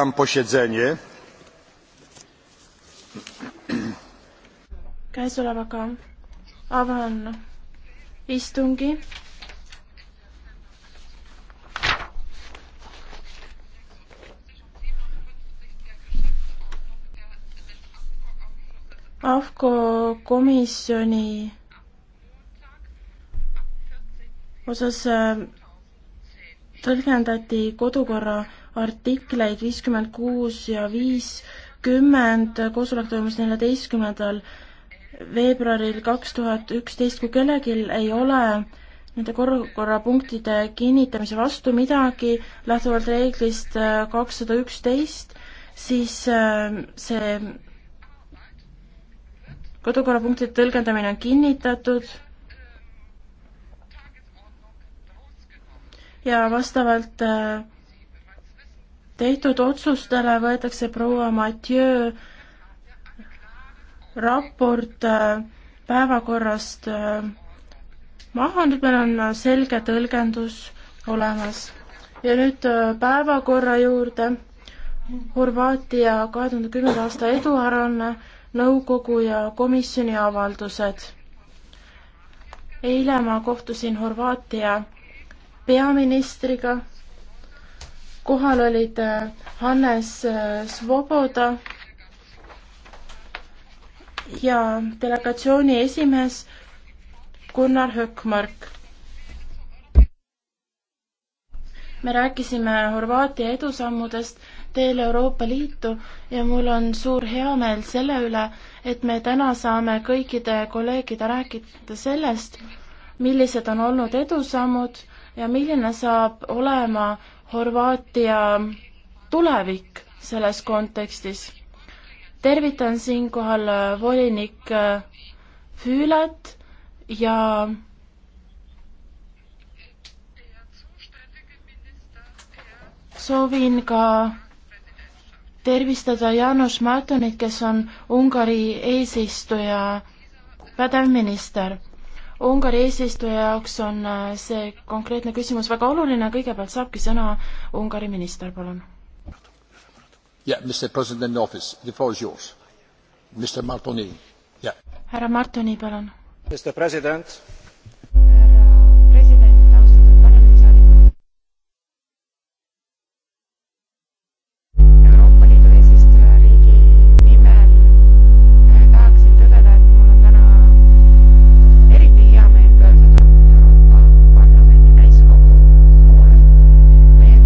otwieram posiedzenie käesolevaga avan istungi AFCO komisjoni osas äh, tõlgendati kodukorra artikleid viiskümmend kuus ja viiskümmend, koosolek toimus neljateistkümnendal veebruaril kaks tuhat üksteist, kui kellelgi ei ole nende korrapunktide kinnitamise vastu midagi lähtuvalt reeglist äh, kakssada üksteist, siis äh, see kodukorrapunktide tõlgendamine on kinnitatud ja vastavalt äh, tehtud otsustele võetakse proua Mathieu raport äh, päevakorrast äh, maha, nüüd meil on äh, selge tõlgendus olemas. ja nüüd päevakorra juurde. Horvaatia kahe tuhande kümnenda aasta eduaruanne, nõukogu ja komisjoni avaldused. eile ma kohtusin Horvaatia peaministriga kohal olid äh, Hannes äh, Svoboda ja delegatsiooni esimees Gunnar Hökmark. me rääkisime Horvaatia edusammudest teel Euroopa Liitu ja mul on suur heameel selle üle, et me täna saame kõikide kolleegide rääkida sellest, millised on olnud edusammud ja milline saab olema Horvaatia tulevik selles kontekstis. tervitan siinkohal äh, volinik äh, Füület ja soovin ka tervistada Jaanus Martonit, kes on Ungari eesistuja pädev minister Ungari eesistuja jaoks on äh, see konkreetne küsimus väga oluline, kõigepealt saabki sõna Ungari minister, palun. Yeah, Mr President in office, the floor is yours. Mr Martoni, yeah. härra Martoni, palun. Mr President